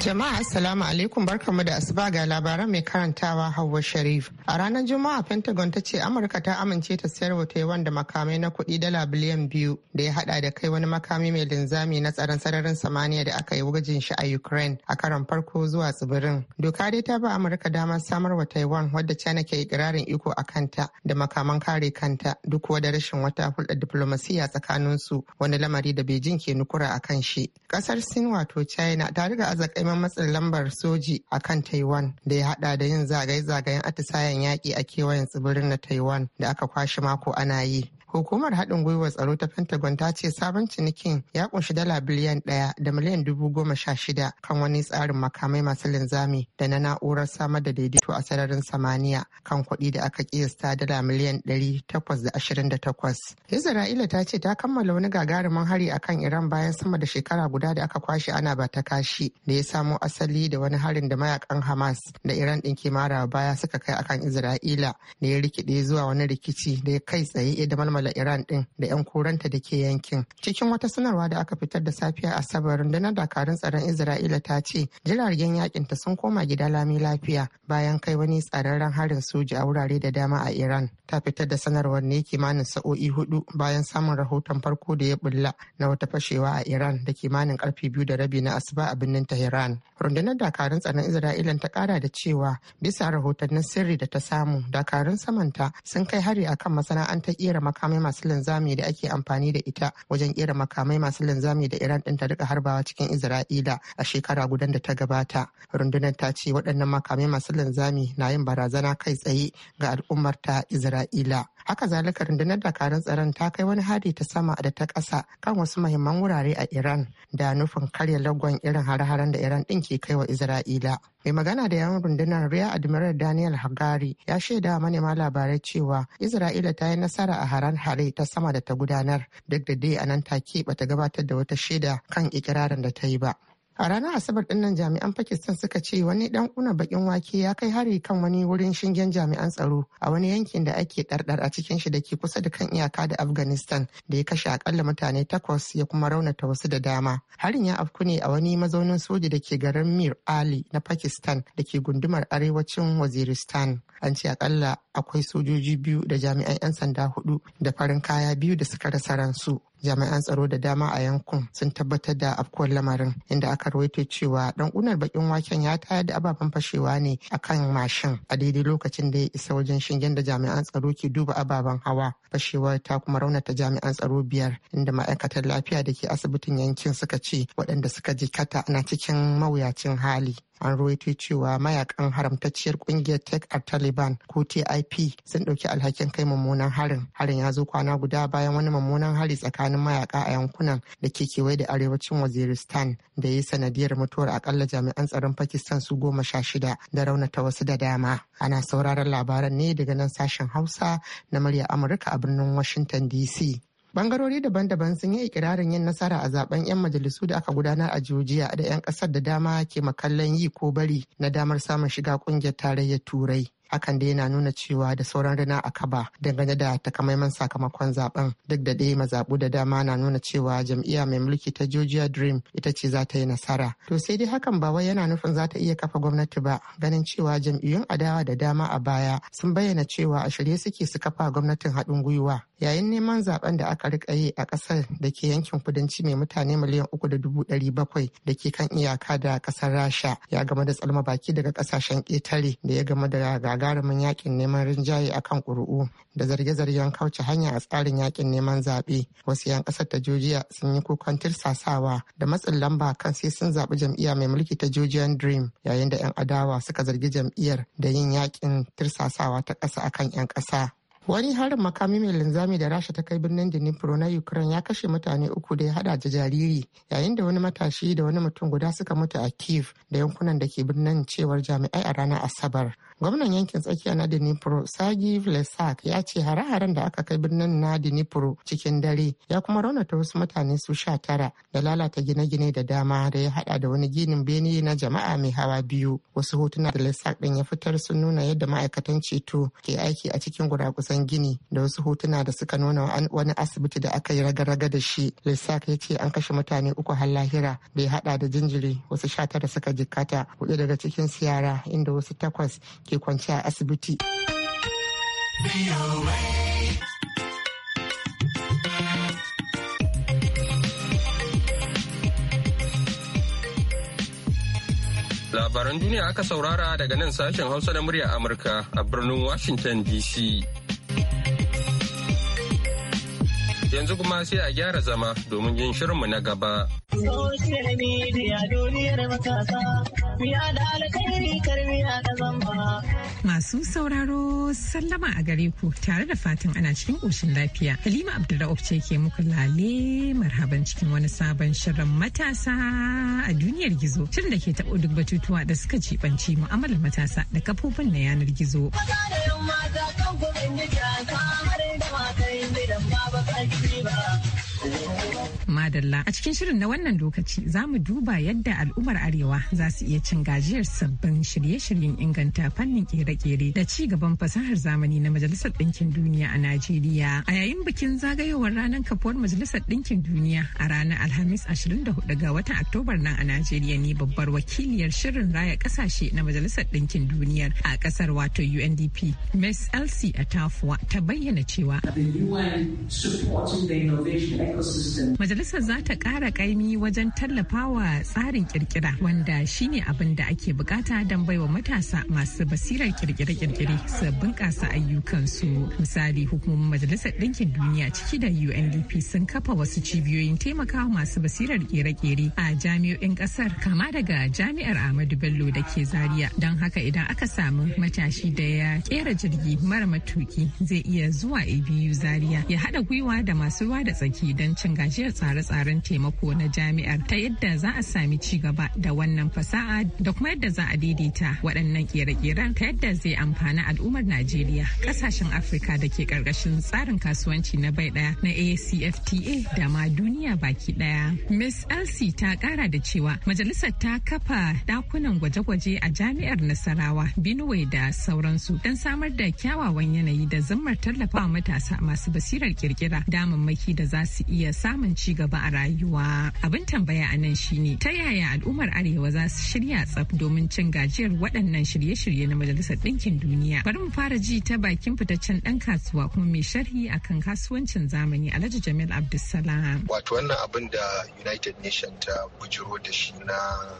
Jama'a Assalamu alaikum barkamu da asuba ga labaran mai karantawa Hauwa Sharif. A ranar Juma'a Pentagon ta ce Amurka ta amince ta sayar wa Taiwan da makamai na kuɗi dala biliyan biyu da ya hada da kai wani makami mai linzami na tsaron sararin samaniya da aka yi wajen shi a Ukraine a karan farko zuwa tsibirin. Doka dai ta ba Amurka damar samar wa Taiwan wadda China ke ikirarin iko a kanta da makaman kare kanta duk da rashin wata hulɗa diplomasiya tsakaninsu wani lamari da Beijing ke nukura a kan shi. Kasar Sin wato China ta riga azakai neman matsin lambar soji a kan Taiwan da ya hada da yin zagaye-zagayen atisayen yaƙi a kewayen tsibirin na Taiwan da aka kwashe mako ana yi hukumar haɗin gwiwar tsaro ta pentagon ta ce sabon cinikin ya ƙunshi dala biliyan ɗaya da miliyan dubu goma sha shida kan wani tsarin makamai masu linzami da na na'urar samar da daidaito a sararin samaniya kan kuɗi da aka kiyasta dala miliyan ɗari takwas da ashirin da takwas isra'ila ta ce ta kammala wani gagarumin hari akan iran bayan sama da shekara guda da aka kwashe ana ba ta kashi da ya samo asali da wani harin da mayakan hamas da iran ɗin kimara baya suka kai akan isra'ila da ya rikide zuwa wani rikici da ya kai tsaye da malamai. kammala Iran din da 'yan koranta da ke yankin. Cikin wata sanarwa da aka fitar da safiya Asabar rundunar dakarun tsaron Isra'ila ta ce jiragen yakin ta sun koma gida lami lafiya bayan kai wani tsararren harin soja a wurare da dama a Iran. Ta fitar da sanarwar ne kimanin sa'o'i hudu bayan samun rahoton farko da ya bulla na wata fashewa a Iran da kimanin karfe biyu da rabi na asuba a birnin Tehran. Rundunar dakarun tsaron Isra'ila ta kara da cewa bisa rahotannin sirri da ta samu dakarun samanta sun kai hari akan masana'antar kera maka makamai masu linzami da ake amfani da ita wajen kera makamai masu linzami da Iran ɗin ta rika harbawa cikin Isra'ila a shekara gudan da ta gabata. Rundunar ta ce waɗannan makamai masu linzami na yin barazana kai tsaye ga al'ummar ta Isra'ila. haka zalika rundunar dakarun tsaron ta kai wani hari ta sama da ta ƙasa kan wasu mahimman wurare a iran da nufin karya lagon irin har haren da iran ɗin ke kai wa isra'ila mai magana da yawan rundunar rear admiral daniel hagari ya shaida manema labarai cewa isra'ila ta yi nasara a haran hare ta sama da ta gudanar duk da dai a nan take bata gabatar da wata shaida kan ikirarin da ta yi ba A ranar Asabar dinnan jami'an Pakistan suka ce wani dan kuna bakin wake ya kai hari kan wani wurin shingen jami'an tsaro a wani yankin da ake ɗarɗar a cikin shi da ke kusa da kan iyaka da Afghanistan da ya kashe akalla mutane takwas ya kuma raunata wasu da dama. Harin ya afku ne a wani mazaunin soja da ke garin Mir Ali na Pakistan da ke gundumar arewacin Waziristan. An ce akalla akwai sojoji biyu da jami'an 'yan sanda hudu da farin kaya biyu da suka rasa ransu. jami'an tsaro da dama a yankun sun tabbatar da afkuwar lamarin inda aka rawaito cewa dan unar bakin waken ya tayar da ababen fashewa ne a kan mashin a daidai lokacin da ya isa wajen shingen da jami'an tsaro ke duba ababen hawa fashewar ta kuma raunata jami'an tsaro biyar inda ma'aikatar lafiya da ke asibitin yankin suka ce waɗanda suka jikata na cikin mawuyacin hali an ruwaito cewa mayakan haramtacciyar kungiyar Tech a taliban ko tip sun ɗauki alhakin kai mummunan harin harin ya zo kwana guda bayan wani mummunan hari tsakanin mayaka a yankunan da ke kewaye da arewacin waziristan da ya yi sanadiyar mutuwar akalla jami'an tsaron pakistan su goma sha shida da raunata wasu da dama ana sauraron labaran ne daga nan sashen hausa na murya amurka a birnin washington dc bangarori daban-daban sun yi ikirarin yin nasara a zaben 'yan majalisu da aka gudanar a Georgia da 'yan kasar da dama ke makallan yi ko bari na damar samun shiga kungiyar tarayyar turai hakan da yana nuna cewa da sauran rina a kaba dangane da takamaiman sakamakon zaben duk da dai mazabu da dama na nuna cewa jam'iyya mai mulki ta georgia dream ita ce za ta yi nasara to sai dai hakan ba wai yana nufin za ta iya kafa gwamnati ba ganin cewa jam'iyyun adawa da dama a baya sun bayyana cewa a shirye suke su kafa gwamnatin haɗin gwiwa yayin neman zaben da aka rika yi a ƙasar da ke yankin kudanci mai mutane miliyan uku da dubu ɗari bakwai da ke kan iyaka da ƙasar rasha ya game da tsalma baki daga ƙasashen ƙetare da ya game da gagarumin yakin neman rinjaye akan kuri'u da zarge-zargen kauce hanya a tsarin yakin neman zaɓe wasu 'yan ƙasar ta jojiya sun yi kukan tirsasawa da matsin lamba kan sai sun zaɓi jam'iyya mai mulki ta jojiyan dream yayin da 'yan adawa suka zargi jam'iyyar da yin yakin tirsasawa ta ƙasa akan 'yan ƙasa wani harin makami mai linzami da rasha ta kai birnin dnipro na ukraine ya kashe mutane uku da ya hada da jariri yayin da wani matashi da wani mutum guda suka mutu a kiev da yankunan da ke birnin cewar jami'ai a ranar asabar gwamnan yankin tsakiya na dinipro sagi vlesak ya ce hare-haren da aka kai birnin na Dinipro cikin dare ya kuma raunata wasu mutane su sha tara da lalata gine-gine da dama da ya hada da wani ginin bene na jama'a mai hawa biyu wasu hotuna da lissak din ya fitar sun nuna yadda ma'aikatan ceto ke aiki a cikin gurakusan gini da wasu hotuna da suka nuna wani asibiti da aka yi raga-raga da shi lesak ya ce an kashe mutane uku har lahira da ya hada da jinjiri wasu sha tara suka jikkata hudu daga cikin siyara inda wasu takwas ke kwanciya a asibiti. Labaran duniya aka saurara daga nan sashen Hausa da murya Amurka a birnin Washington DC. Yanzu kuma sai a gyara zama domin yin shirinmu na gaba. Masu sauraro sallama a gare ku tare da fatan ana cikin ƙoshin lafiya. Halima Abdulra'uf ce ke muku lale marhaban cikin wani sabon shirin matasa a duniyar gizo. Shirin da ke taɓo duk batutuwa da suka jibanci mu'amalar matasa da kafofin na yanar gizo. Maza da ta kan madalla. A cikin shirin na wannan lokaci za mu duba yadda al'ummar Arewa za su iya cin gajiyar sabbin shirye-shiryen inganta fannin kere-kere da ci gaban fasahar zamani na Majalisar Ɗinkin Duniya a Najeriya. A yayin bikin zagayowar ranar kafuwar Majalisar Ɗinkin Duniya a ranar Alhamis 24 ga watan Oktobar nan a Najeriya ne babbar wakiliyar shirin raya kasashe na Majalisar Ɗinkin Duniyar a ƙasar wato UNDP. Ms. Elsie Atafuwa ta bayyana cewa. Majalisar Gwamnati za ta ƙara ƙaimi wajen tallafawa tsarin kirkira wanda shine abin da ake bukata don baiwa matasa masu basirar kirkire-kirkire su bunƙasa su Misali hukumomin Majalisar Ɗinkin Duniya ciki da UNDP sun kafa wasu cibiyoyin taimakawa masu basirar kere-kere a jami'o'in ƙasar kama daga jami'ar Ahmadu Bello da ke Zaria. Don haka idan aka samu matashi da ya kera jirgi mara matuki zai iya zuwa ABU Zaria ya haɗa gwiwa da masu ruwa da tsaki don cin gajiyar tsare tsaron taimako na jami'ar ta yadda za a sami ci gaba da wannan fasaha da kuma yadda za a daidaita waɗannan kere-keren ta yadda zai amfani al'ummar Najeriya ƙasashen Afirka da ke ƙarƙashin tsarin kasuwanci na bai ɗaya na ACFTA da ma duniya baki ɗaya. Miss Elsie ta ƙara da cewa majalisar ta kafa ɗakunan gwaje-gwaje a jami'ar Nasarawa, Benue da sauransu don samar da kyawawan yanayi da zammar tallafawa matasa masu basirar kirkira damammaki da za su iya samun ci gaba ba a rayuwa. Abin tambaya a nan shine ta yaya al'ummar Arewa za su shirya tsaf domin cin gajiyar waɗannan shirye-shirye na Majalisar Ɗinkin Duniya. Bari mu fara ji ta bakin fitaccen ɗan kasuwa kuma mai sharhi akan kasuwancin zamani Alhaji Jamil Abdulsalam. Wato wannan abin da United Nation ta bujiro da shi na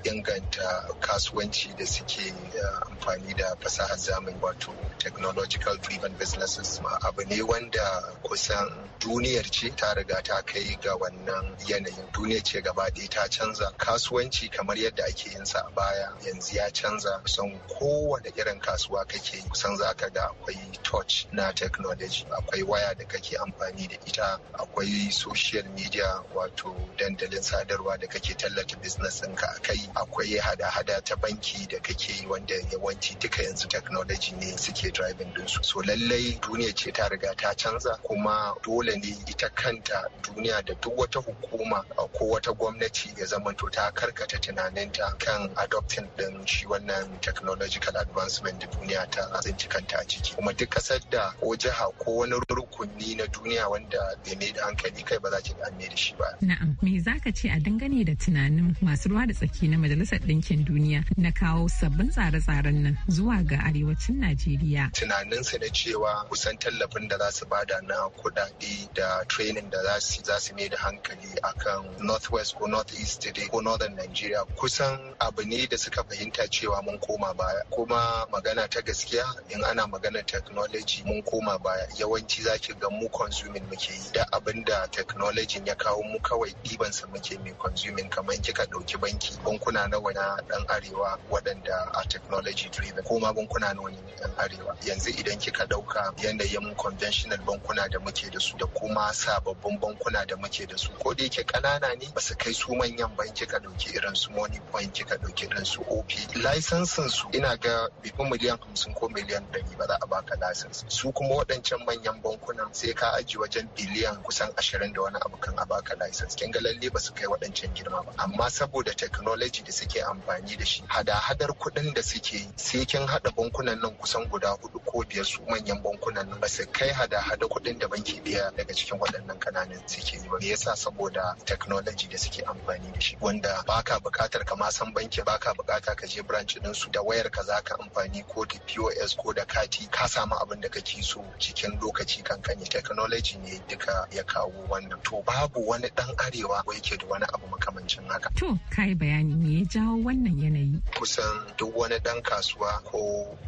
inganta kasuwanci da suke eh, amfani da fasahar zamani wato technological driven businesses ma abu ne wanda kusan duniyar ce ta riga ta kai ga wannan yanayin duniya ce gaba ɗaya ta canza kasuwanci kamar yadda ake yin sa a baya yanzu ya canza kusan kowane irin kasuwa kake kusan za ka ga akwai touch na technology akwai waya da kake amfani da ita akwai social media wato dandalin sadarwa da kake tallata business ɗinka a kai akwai hada-hada ta banki da kake yi wanda yawanci duka yanzu technology ne suke driving dinsu so lallai duniya ce ta riga ta canza kuma dole ne ita kanta duniya da duk wata hukuma hukuma ko wata gwamnati ya zamanto ta karkata tunaninta kan adoptin din shi wannan technological advancement duniya ta tsinci kanta a ciki kuma duk kasar da ko jiha ko wani rukunni na duniya wanda bai mai da hankali kai ba za ki an da shi ba. Na'am me ka ce a dangane da tunanin masu ruwa da tsaki na majalisar ɗinkin duniya na kawo sabbin tsare-tsaren nan zuwa ga arewacin Najeriya. tunanin su na cewa kusan tallafin da za su bada na kuɗaɗe da training da za su mai da hankali A akan northwest ko northeast dai ko northern nigeria kusan abu ne da suka fahimta cewa mun koma baya kuma magana ta gaskiya in ana magana technology mun koma baya yawanci zaki ga mu consuming muke yi da abin da technology ya kawo mu kawai ɗiban sa muke mai consuming kamar kika ɗauki banki bankuna nawa na ɗan arewa waɗanda a technology driven ko ma bankuna nawa ne ɗan arewa yanzu idan kika ɗauka yanayin conventional bankuna da muke da su da kuma sababbin bankuna da muke da su ko da yake kanana ne ba su kai su manyan ba kika dauki irin su money point kika dauki irin su op license su ina ga bifin miliyan hamsin ko miliyan ɗari ba za a baka license su kuma waɗancan manyan bankunan sai ka aji wajen biliyan kusan ashirin da wani abu kan a baka license kin ga lalle ba su kai waɗancan girma ba amma saboda technology da suke amfani da shi hada-hadar kuɗin da suke sai kin haɗa bankunan nan kusan guda hudu ko biyar su manyan bankunan nan ba su kai hada-hada kuɗin da banki biya daga cikin waɗannan kananan suke yi ba me yasa saboda Da technology da suke amfani da shi wanda baka bukatar ka ma san banki baka bukata ka je branch din su da wayar ka zaka amfani ko da POS ko da kati ka samu abin da kake so cikin lokaci kankani technology ne duka ya kawo wannan to babu wani dan arewa ko yake da wani abu makamancin haka to kai bayani me ya jawo wannan yanayi kusan duk wani dan kasuwa ko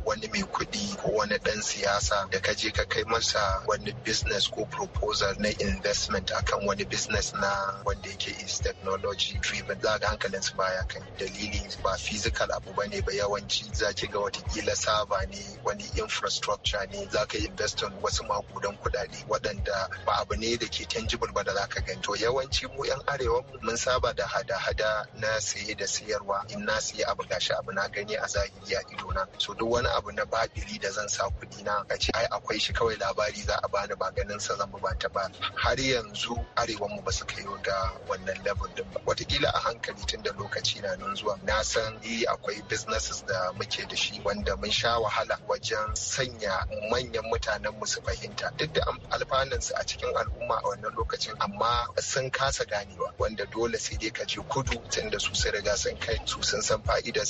wani mai kuɗi ko wani dan siyasa da ka je ka kai masa wani business ko proposal na investment akan wani business na wanda yake is technology driven za ga hankalin su baya kan dalili ba physical abu bane ba yawanci za ki ga watakila saba ne wani infrastructure ne za ka invest on wasu makudan kudade waɗanda ba abu ne da ke tangible ba da za ka gani to yawanci mu yan arewa mun saba da hada-hada na saye da sayarwa in na saye abu gashi abu na gani a zahiri a ido na so duk wani abu na babili da zan sa kuɗi na a ce ai akwai shi kawai labari za a bani ba ganin sa zan ba ta ba har yanzu arewa mu ba su kai ga wannan level din watakila a hankali tun da lokaci na nan zuwa na san eh akwai businesses da muke da shi wanda mun sha wahala wajen sanya manyan mutanen mu su fahimta duk da alfanun su a cikin al'umma a wannan lokacin amma sun kasa ganewa wanda dole sai dai ka je kudu tun da su sun riga sun kai su sun san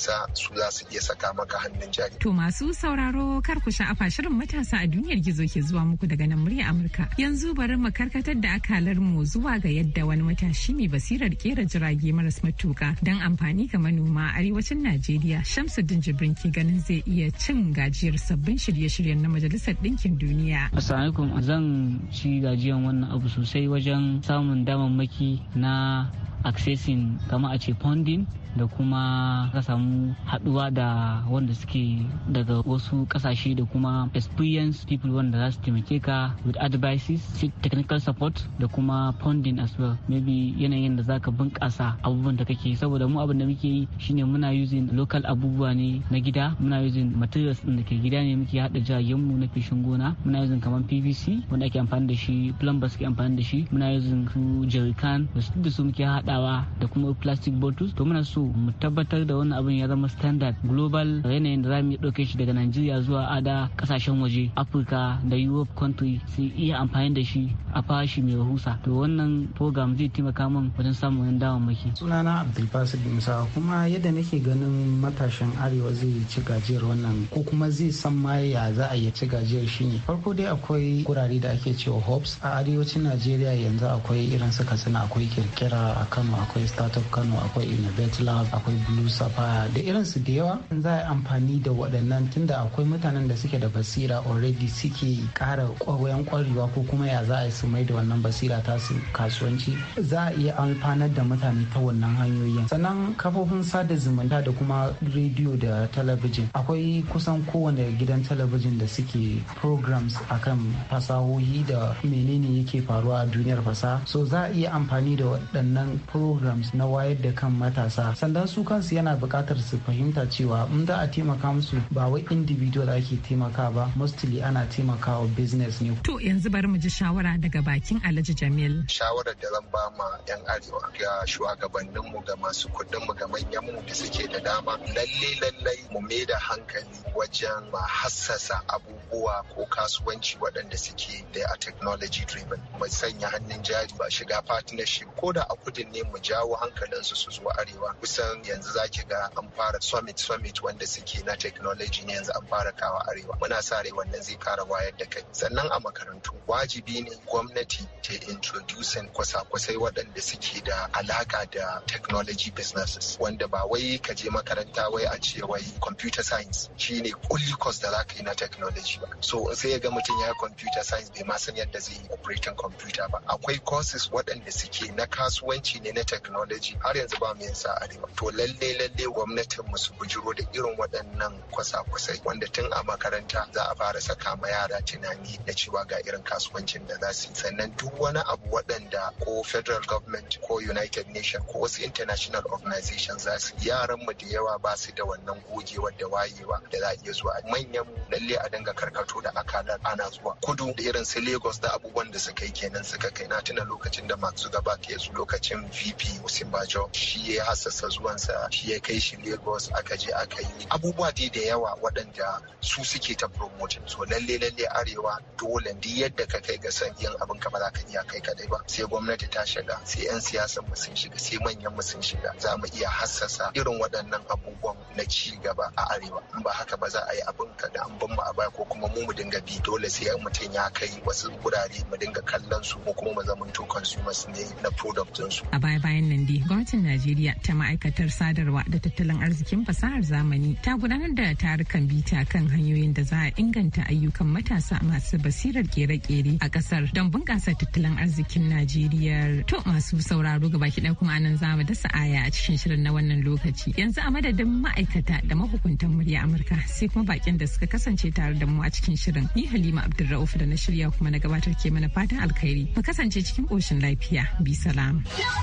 sa su za su iya saka maka hannun jari. To masu sauraro kar ku sha afa shirin matasa a duniyar gizo ke zuwa muku daga nan murya Amurka. Yanzu bari mu karkatar da akalar mu zuwa ga yadda da wani matashi mai basirar kera jirage maras matuka don amfani ga manoma a arewacin Najeriya Shamsuddin Jibrin ke ganin zai iya cin gajiyar sabbin shirye-shiryen na Majalisar dinkin Duniya. Assalamu zan ci gajiyan wannan abu sosai wajen samun damammaki na accessing kama a ce funding da kuma ka samu haduwa da wanda suke daga wasu kasashe da kuma experience people wanda za su taimake ka with advices technical support da kuma funding as well maybe yanayin da zaka bunkasa abubuwan da kake saboda mu abin da muke yi shine muna using local abubuwa ne na gida muna using materials din da ke gida ne muke hada jiragen mu na fishin gona muna using kamar PVC wanda ake amfani da shi plumbers ke amfani da shi muna using su jerrycan da su muke hada hadawa da kuma plastic bottles to muna so mu tabbatar da wannan abin ya zama standard global yanayin da za mu ɗauke shi daga Najeriya zuwa ada kasashen waje Afirka da Europe country su iya amfani da shi a fashi mai rahusa to wannan program zai taimaka min wajen samun yan maki Sunana Abdulbasir Musa kuma yadda nake ganin matashin Arewa zai ci gajiyar wannan ko kuma zai san ma ya za a iya ci gajiyar shi ne farko dai akwai gurare da ake cewa hops a arewacin Najeriya yanzu akwai irin su Katsina akwai kirkira akan kano akwai startup kano akwai innovate lab akwai blue sapphire da irinsu da yawa za a amfani da waɗannan tunda akwai mutanen da suke da basira already suke ƙara ƙwayoyin ƙwarewa ko kuma ya za a su mai da wannan basira ta su kasuwanci za a iya amfanar da mutane ta wannan hanyoyin sannan kafofin sada zumunta da kuma rediyo da talabijin akwai kusan kowane gidan talabijin da suke programs akan fasahohi da menene yake faruwa a duniyar fasaha so za a iya amfani da waɗannan programs na wayar da kan matasa sannan su kansu yana bukatar su fahimta cewa in za a taimaka musu ba wai individual ake taimaka ba mostly ana taimakawa business ne to yanzu bari mu ji shawara daga bakin Alhaji Jamil shawarar da zan ba ma yan arewa ga shugabannin mu ga masu kudin mu ga manyan mu da suke da dama lalle lalle mu mai da hankali wajen ba hassasa abubuwa ko kasuwanci waɗanda suke da a technology driven mu sanya hannun jari ba shiga partnership ko da a kudin ne ne mu jawo hankalin su zo arewa kusan yanzu zaki ga an fara summit summit wanda suke na technology ne yanzu an fara kawa arewa muna sa rai wannan zai kara wayar da kai sannan a makarantu wajibi ne gwamnati ta introducing kwasa-kwasai waɗanda suke da alaka da technology businesses wanda ba wai ka je makaranta wai a ce wai computer science shine kulli course da za ka yi na technology ba so sai ya ga mutum ya computer science bai ma san yadda zai yi operating computer ba akwai courses waɗanda suke na kasuwanci ne ne na technology har yanzu ba mu yin sa arewa to lalle lalle gwamnatin mu su bujiro da irin waɗannan kwasa-kwasai wanda tun a makaranta za a fara saka ma yara tunani na cewa ga irin kasuwancin da za su yi sannan duk wani abu waɗanda ko federal government ko united nation ko wasu international organization za su yaran mu da yawa ba su da wannan gogewar da wayewa da za a iya zuwa manyan lalle a dinga karkato da akalar ana zuwa kudu da irin su lagos da abubuwan da suka yi kenan suka kai na tuna lokacin da masu gaba ke su lokacin pp Bajo shi ya hassasa zuwansa shi ya kai shi lagos aka je aka yi abubuwa dai da yawa waɗanda su suke ta promoting so lalle lalle arewa dole duk yadda ka kai ga san yin abin ka ba za ka iya kai kadai ba sai gwamnati ta shiga sai yan siyasa mu sun shiga sai manyan mu sun shiga za mu iya hassasa irin waɗannan abubuwan na ci gaba a arewa in ba haka ba za a yi abin ka da an bin mu a baya ko kuma mu mu dinga bi dole sai mutum ya kai wasu gurare mu dinga kallon su ko kuma mu zamanto consumers ne na product su. baya-bayan nan dai gwamnatin Najeriya ta ma'aikatar sadarwa da tattalin arzikin fasahar zamani ta gudanar da tarukan bita kan hanyoyin da za a inganta ayyukan matasa masu basirar kere-kere a kasar don bunƙasa tattalin arzikin Najeriya. To masu sauraro gaba kiɗa kuma anan za mu dasa aya a cikin shirin na wannan lokaci. Yanzu a madadin ma'aikata da mahukuntan murya Amurka sai kuma bakin da suka kasance tare da mu a cikin shirin. Ni Halima Abdulrauf da na shirya kuma na gabatar ke mana fatan alkhairi. Mu kasance cikin ƙoshin lafiya. Bi salam.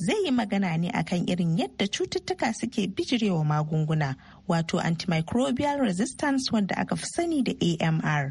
zai yi magana ne akan irin yadda cututtuka suke bijirewa magunguna wato antimicrobial resistance wanda aka fi sani da amr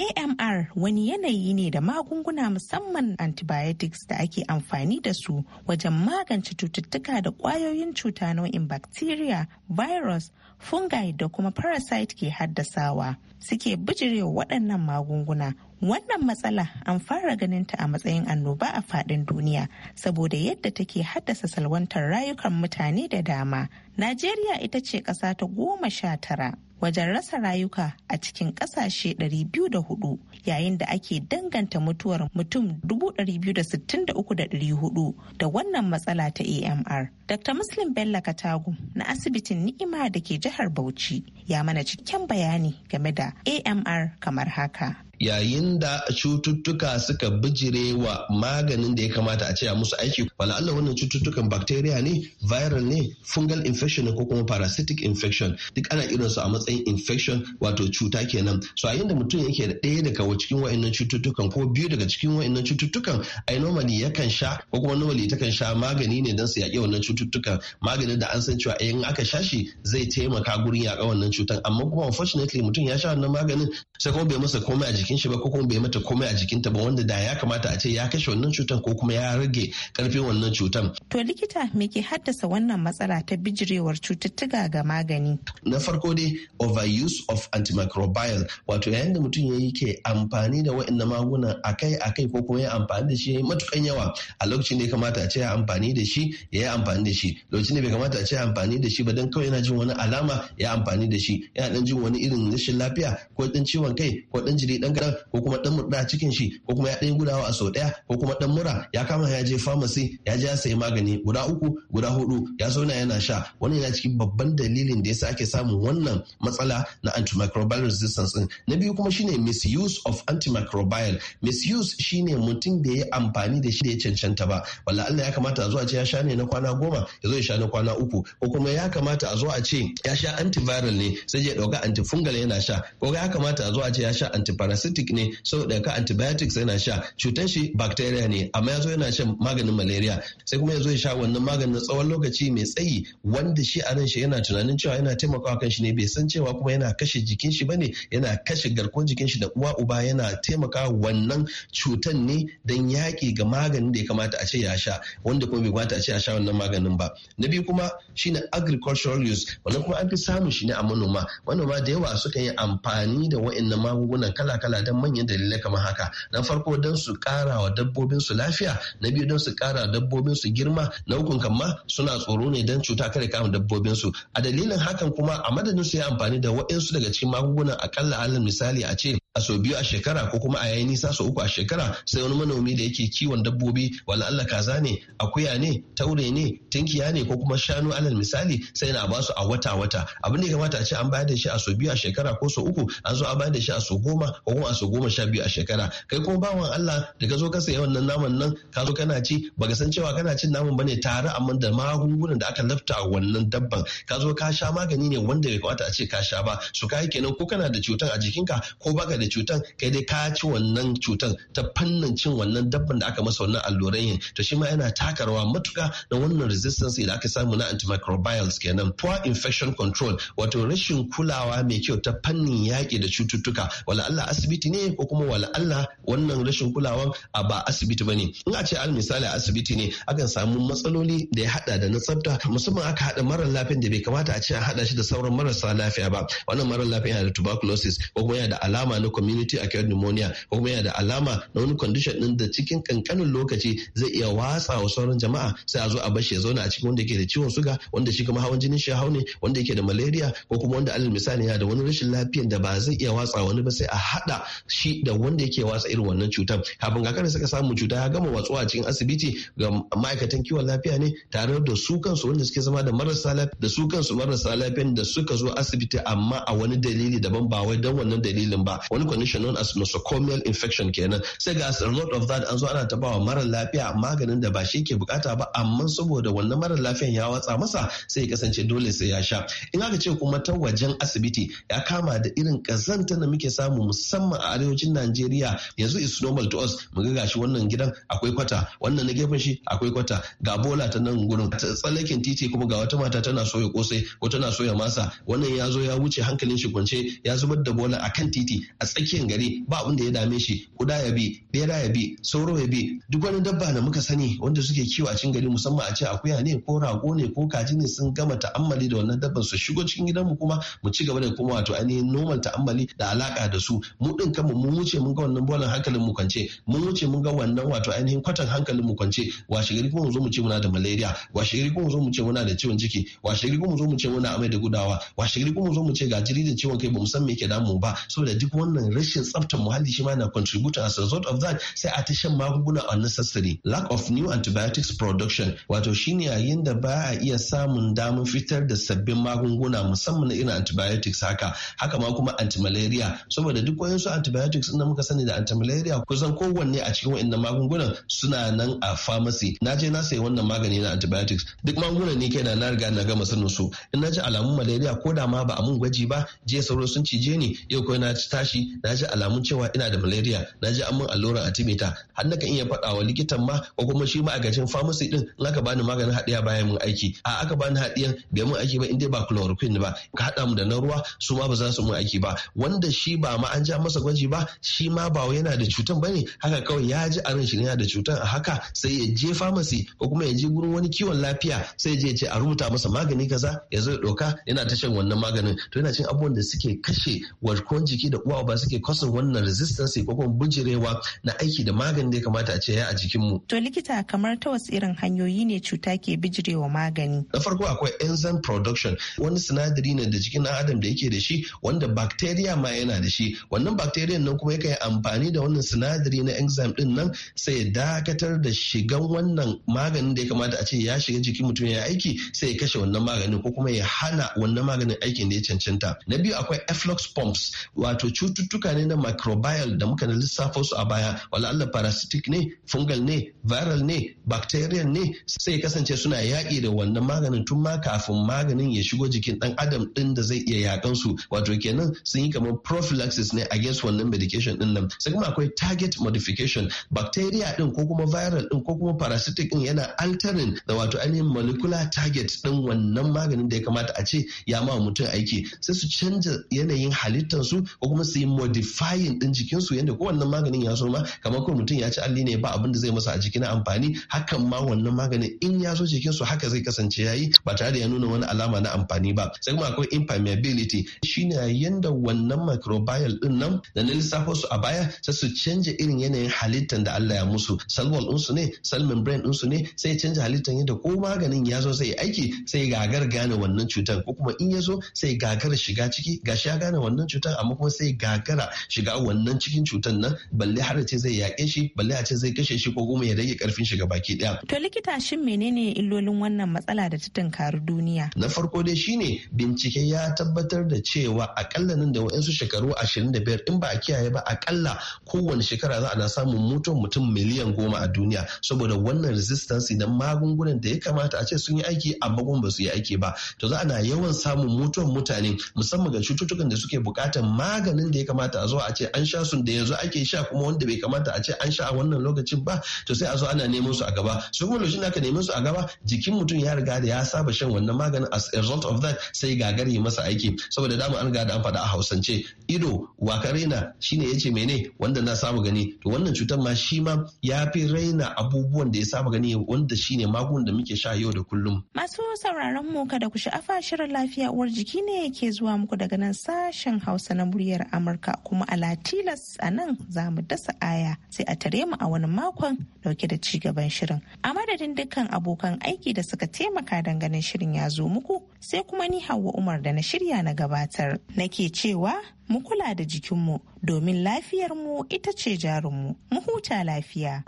AMR wani yanayi ne da magunguna musamman antibiotics da ake amfani da su wajen magance cututtuka da ƙwayoyin cuta nau'in bacteria, virus, fungi da kuma parasite ke haddasawa suke bijirewa waɗannan magunguna wannan matsala an fara ganin ta a matsayin annoba a faɗin duniya saboda yadda take haddasa salwantar rayukan mutane da dama najeriya ita ce ƙasa ta goma sha tara wajen rasa rayuka a cikin ƙasashe 204 yayin da ake danganta mutuwar mutum 263,400 da wannan matsala ta amr dr muslim bello katagu na asibitin ni'ima da ke jihar bauchi ya mana cikin bayani game da amr kamar haka yayin da cututtuka suka bijire wa maganin da ya kamata a ce a musu aiki wala Allah wannan cututtukan bacteria ne viral ne fungal infection ne ko kuma parasitic infection duk ana irin su a matsayin infection wato cuta kenan so yayin da mutum yake da ɗaya daga cikin wa'annan cututtukan ko biyu daga cikin wa'annan cututtukan ai normally kan sha ko kuma normally takan sha magani ne don su yaƙi wannan cututtukan maganin da an san cewa eh, in aka sha shi zai taimaka gurin yaƙa wannan cutan amma kuma unfortunately mutum ya sha wannan maganin sai kuma bai masa komai a jiki jikin shi ba ko kuma bai mata komai a jikinta ba wanda da ya kamata a ce ya kashe wannan cutan ko kuma ya rage karfin wannan cutan. To likita me ke haddasa wannan matsala ta bijirewar cututtuka ga magani? Na farko dai overuse of antimicrobial wato yayin da mutum ya yi ke amfani da a magunan akai akai ko kuma ya amfani da shi ya yi matukan yawa a lokacin da ya kamata a ce ya amfani da shi ya yi amfani da shi lokacin da bai kamata a ce ya amfani da shi ba don kawai yana jin wani alama ya amfani da shi yana dan jin wani irin rashin lafiya ko dan ciwon kai ko dan jiri dan daren ko kuma dan murda a cikin shi ko kuma ya ɗaya gudawa a sau ɗaya ko kuma dan mura ya kama ya je famasi ya je ya sayi magani guda uku guda hudu ya zauna yana sha Wani yana cikin babban dalilin da ya sa ake samun wannan matsala na antimicrobial resistance din na biyu kuma shine misuse of antimicrobial misuse shine mutum da ya amfani da shi da ya cancanta ba Wala Allah ya kamata a zo a ce ya sha ne na kwana goma ya zo ya sha na kwana uku ko kuma ya kamata a zo a ce ya sha antiviral ne sai ya dauka antifungal yana sha ko ya kamata a zo a ce ya sha antiparasit parasitic ne saboda ka antibiotics yana sha cutar shi bacteria ne amma yazo yana shan maganin malaria sai kuma yazo ya sha wannan maganin na tsawon lokaci mai tsayi wanda shi a ran shi yana tunanin cewa yana taimakawa kan shi ne bai san cewa kuma yana kashe jikin shi bane yana kashe garkuwar jikin shi da uwa uba yana taimaka wannan cutan ne dan yaki ga maganin da ya kamata a ce ya sha wanda kuma bai kamata a ce ya sha wannan maganin ba na biyu kuma shine agricultural use wannan kuma an fi samun shi ne a manoma manoma da yawa suka yi amfani da waɗannan magungunan kala kala kala don manyan dalilai kamar haka na farko don su kara wa dabbobin su lafiya na biyu don su kara dabbobin su girma na ukun kamma suna tsoro ne don cuta kare kama dabbobin su a dalilin hakan kuma a madadin su yi amfani da waɗansu daga cikin magungunan akalla alal misali a ce a sau biyu a shekara ko kuma a yayin nisa sau uku a shekara sai wani manomi da yake kiwon dabbobi wala Allah kaza ne akuya ne taure ne tinkiya ne ko kuma shanu alal misali sai na basu a wata wata abin da ya kamata a ce an bayar da shi a sau biyu a shekara ko sau uku an zo a bayar da shi a sau goma ko kuma a sau goma sha biyu a shekara kai kuma bawan Allah da ka zo ka sayi wannan naman nan ka zo kana ci ba baka san cewa kana cin naman bane tare amma da magungunan da aka lafta a wannan dabban ka zo ka sha magani ne wanda bai kamata a ce ka sha ba su kai kenan ko kana da cutar a jikinka ko baka da cutan kai dai ka ci wannan cutan ta fannin cin wannan dabban da aka masa wannan alluran yin to shi ma yana taka rawa matuka da wannan resistance da aka samu na antimicrobials kenan poor infection control wato rashin kulawa mai kyau ta fannin yaƙi da cututtuka wala Allah asibiti ne ko kuma wala Allah wannan rashin kulawan a ba asibiti bane in a ce al misali asibiti ne akan samu matsaloli da ya hada da na tsafta musamman aka hada mara lafiyan da bai kamata a ce a hada shi da sauran marasa lafiya ba wannan mara lafiya yana da tuberculosis ko kuma yana da alama na da community acquired pneumonia ko kuma yana da alama na wani condition din da cikin kankanin lokaci zai iya watsa wa sauran jama'a sai a zo a bashi ya zauna a cikin wanda yake da ciwon suga wanda shi kuma hawan jinin shi hau ne wanda yake da malaria ko kuma wanda alal misali yana da wani rashin lafiyan da ba zai iya watsa wani ba sai a hada shi da wanda yake watsa irin wannan cutar kafin kakar da suka samu cuta ya gama watsuwa a cikin asibiti ga ma'aikatan kiwon lafiya ne tare da su kansu wanda suke zama da marasa lafiya da su kansu marasa lafiyan da suka zo asibiti amma a wani dalili daban ba wai don wannan dalilin ba wani condition known as nosocomial infection kenan sai ga as a result of that an zo ana tabawa mara lafiya maganin da ba shi ke bukata ba amma saboda wannan mara lafiyan ya watsa masa sai ya kasance dole sai ya sha in aka ce kuma ta wajen asibiti ya kama da irin kazanta da muke samu musamman a arewacin Najeriya yanzu is normal to us mu ga gashi wannan gidan akwai kwata wannan na gefen shi akwai kwata ga bola ta nan gurin tsallakin titi kuma ga wata mata tana soya kosai ko tana soya masa wannan ya zo ya wuce hankalin shi kwance ya zubar da bola a kan titi a tsakiyar gari ba wanda ya dame shi kuda ya bi bera ya bi sauro ya bi duk wani dabba da muka sani wanda suke kiwo a cikin gari musamman a ce akuya ne ko rago ne ko kaji ne sun gama ta'ammali da wannan dabban su shigo cikin gidanmu kuma mu ci gaba da kuma wato ainihin noman ta'ammali da alaka da su mu din kanmu mun wuce mun ga wannan bolan hankalin mu kwance mun wuce mun ga wannan wato ainihin kwatan hankalin mu kwance washe gari kuma mu zo mu ce muna da malaria washe gari kuma mu zo mu ce muna da ciwon ciki washe gari kuma mu zo mu ce muna amai da gudawa washe gari kuma mu zo mu ce ga jiri da ciwon kai ba mu san me yake damu ba saboda duk wannan wannan rashin tsaftar muhalli shi ma na contributor as a result of that sai a ta shan magunguna unnecessary lack of new antibiotics production wato shine yayin da ba a iya samun damar fitar da sabbin magunguna musamman na irin antibiotics haka haka ma kuma antimalaria saboda duk wayansu antibiotics inda muka sani da antimalaria kusan kowanne a cikin wa'annan magungunan suna nan a pharmacy na je na sayi wannan magani na antibiotics duk magungunan ne kenan na riga na gama sanin su in na ji alamun malaria ko da ma ba a mun gwaji ba je sauro sun cije ni yau kawai na tashi na ji alamun cewa ina da malaria na ji an min alluran timita har na kan iya faɗa wa likitan ma ko kuma shi ma a ma'aikacin pharmacy din in aka bani maganin haɗiya bayan mun aiki a aka bani haɗiyan bai mun aiki ba in dai ba chloroquine ba ka haɗa mu da na ruwa su ma ba za su mun aiki ba wanda shi ba ma an ja masa gwaji ba shi ma ba yana da cutan ba ne haka kawai ya ji a ran shi yana da cutan a haka sai ya je pharmacy ko kuma ya je gurin wani kiwon lafiya sai je ce a rubuta masa magani kaza ya zo ya ɗauka yana ta shan wannan maganin to yana cin abubuwan da suke kashe warkon jiki da uwa ba suke kosin wannan resistance ko kuma bujirewa na aiki da magani da ya kamata a ce ya a jikinmu. To likita kamar ta wasu irin hanyoyi ne cuta ke bijirewa magani? Na farko akwai enzyme production wani sinadari ne da jikin ɗan adam da yake da shi wanda bacteria ma yana da shi wannan bacteria nan kuma yakan yi amfani da wannan sinadari na enzyme din nan sai ya dakatar da shigan wannan maganin da ya kamata a ce ya shiga jikin mutum ya aiki sai ya kashe wannan maganin ko kuma ya hana wannan maganin aikin da ya cancanta. Na biyu akwai efflux pumps wato cutu cututtuka ne na microbial da muka na lissafo su a baya wala Allah parasitic ne fungal ne viral ne bacterial ne sai kasance suna yaƙi da wannan maganin tun ma kafin maganin ya shigo jikin dan adam ɗin da zai iya yakan su wato kenan sun yi kamar prophylaxis ne against wannan medication ɗin nan sai kuma akwai target modification bacteria ɗin ko kuma viral ɗin ko kuma parasitic ɗin yana altering da wato ainihin molecular target ɗin wannan maganin da ya kamata a ce ya ma mutum aiki sai su canja yanayin halittar su ko kuma su yi modifying din jikinsu yadda ko wannan maganin ya so ma kamar ko mutum ya ci alli ne ba abin da zai masa a jiki na amfani hakan ma wannan maganin in ya so jikinsu haka zai kasance yayi ba tare da ya nuna wani alama na amfani ba sai kuma akwai impermeability shine yanda wannan microbial din nan da na lissafo su a baya sai su canja irin yanayin halittar da Allah ya musu cell wall su ne cell membrane su ne sai canja halittar yadda ko maganin ya zo sai aiki sai gagar gane wannan cutar ko kuma in ya zo sai gagar shiga ciki gashi ya gane wannan cutar amma kuma sai gagar gagara shiga wannan cikin cutar nan balle har ce zai yaƙe shi balle a ce zai kashe shi ko kuma ya rage karfin shiga baki ɗaya. To likita shin menene illolin wannan matsala da ta tunkari duniya? Na farko dai shine bincike ya tabbatar da cewa akalla nan da wa'insu shekaru 25 in ba a kiyaye ba akalla kowane shekara za a na samun mutuwar mutum miliyan goma a duniya saboda wannan resistance na magungunan da ya kamata a ce sun yi aiki amma kuma ba su yi aiki ba to za a na yawan samun mutuwar mutane musamman ga cututtukan da suke bukatar maganin da ya kamata a zo a ce an sha sun da yanzu ake sha kuma wanda bai kamata a ce an sha a wannan lokacin ba to sai a zo ana neman su a gaba su kuma lokacin aka neman su a gaba jikin mutum ya riga da ya saba shan wannan maganin as a result of that sai gagar yi masa aiki saboda dama an riga da an faɗa a hausance ido waka raina shine yace mene wanda na saba gani to wannan cutar ma shi ma ya fi raina abubuwan da ya saba gani wanda shine magungunan da muke sha yau da kullum masu sauraron mu kada ku sha'afa shirin lafiya uwar jiki ne ke zuwa muku daga nan sashen Hausa na muryar Amurka Amurka kuma a Latilas a nan za mu dasa aya sai a tare mu a wani makon dauke da ci gaban shirin. A madadin dukkan abokan aiki da suka taimaka ganin shirin ya zo muku sai kuma ni Hauwa Umar da na shirya na gabatar. Nake cewa mu kula da jikinmu domin lafiyar mu ita ce jarinmu mu huta lafiya.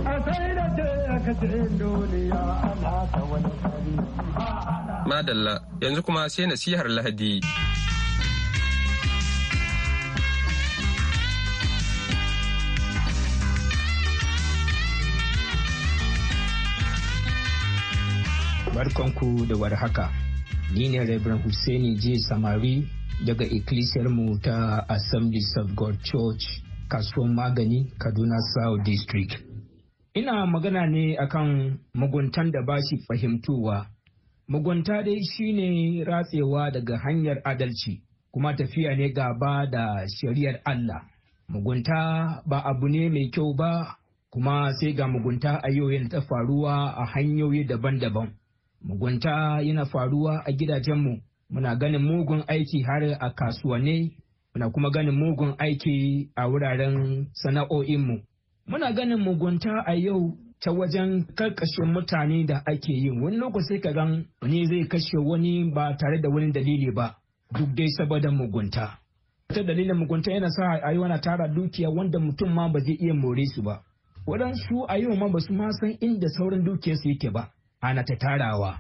Madalla yanzu kuma sai nasihar Lahadi. Barkanku da warhaka. Ni ne Reverend Hussaini J. Samari daga mu ta Assemblies of God Church, kasuwan magani Kaduna South District. Ina magana ne akan muguntan da ba shi fahimtowa. Mugunta dai shine ratsewa daga hanyar adalci, kuma tafiya ne gaba da shari'ar Allah. Mugunta ba abu ne mai kyau ba, kuma sai ga mugunta a yau ta faruwa a hanyoyi daban-daban. Mugunta yana faruwa a gidajenmu, muna ganin mugun aiki har a kasuwanni, muna kuma ganin mugun aiki a wuraren sana'o'inmu. Muna ganin mugunta a yau ta wajen karkashin mutane da ake yi wani lokaci ka gan wani zai kashe wani ba tare da wani dalili ba duk dai saboda mugunta wata dalilin mugunta yana sa a yi wani tara dukiya wanda mutum ma ba zai iya more su ba wadansu a yau ma ba su ma san inda sauran dukiyarsu yake ba ana ta tarawa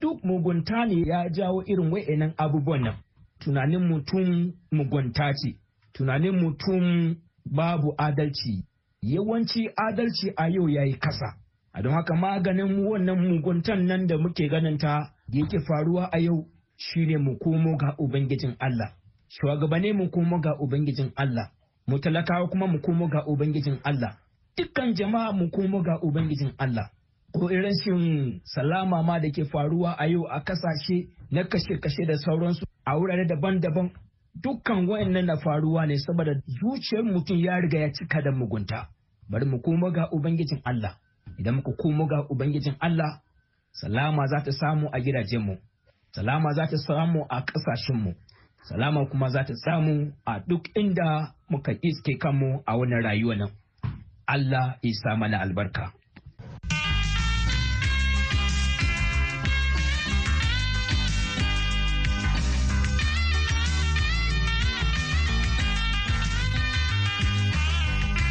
duk mugunta ne ya jawo irin wa'annan abubuwan nan tunanin mutum mugunta ce tunanin mutum babu adalci yawanci adalci a yau ya yi kasa a don haka maganin wannan muguntan nan da muke ganin ta yake faruwa a yau shi ne mu komo ga ubangijin Allah shugabanni mu komo ga ubangijin Allah mu talakawa kuma mu komo ga ubangijin Allah dukkan jama'a mu komo ga ubangijin Allah ko irin shin salama ma da ke faruwa a yau a kasashe na kashe-kashe da sauransu a wurare daban-daban dukkan wayannan na faruwa ne saboda zuciyar mutum ya riga ya cika da mugunta bari mu koma ga ubangijin Allah idan muka koma ga ubangijin Allah salama za ta samu a gidajenmu salama za ta samu a mu salama kuma za ta samu a duk inda muka iske kanmu a wannan rayuwa nan Allah ya sa mana albarka